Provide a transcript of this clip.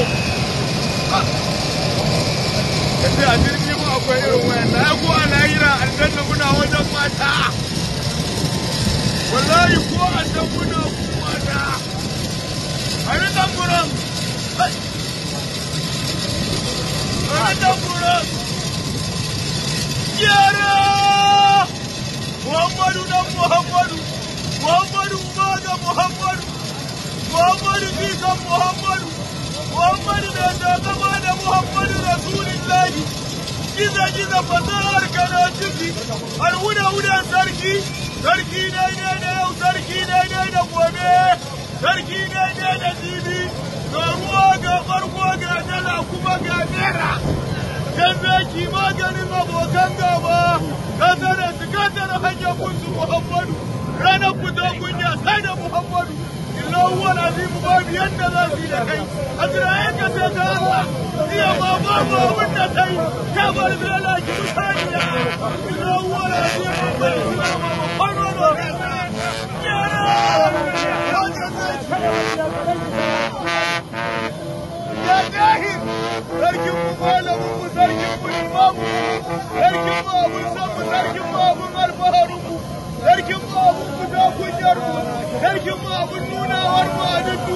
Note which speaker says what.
Speaker 1: kace a jirgi mu akwai irin wayan na ko a lahira aljanna muna wajen mata wallahi ko a can muna ku mata ani tamburan ani tamburan yara muhammadu dan muhammadu muhammadu ba da muhammadu muhammadu bi kan muhammadu da zama da muhammadu rasulillahi giza giza fasahar ka na ciki har wuna wunan sarki sarki daidai da yau sarki daidai da gobe sarki daidai da jibi ga ruwa ga farko ga dala kuma ga naira dan zaki maganin abokan gaba kasar أول أبي مقام يندنا في لكي أدرائك سيدارة يا بابا ما ونتي يا بارد لك مشانيا من أول أبي مقام يندنا في لكي يا جاهد اركب مقالب واركب الإمام اركب أبو الزب اركب أبو الغرب هارب اركب أبو مجاب وجرب Thank you, abin nuna warko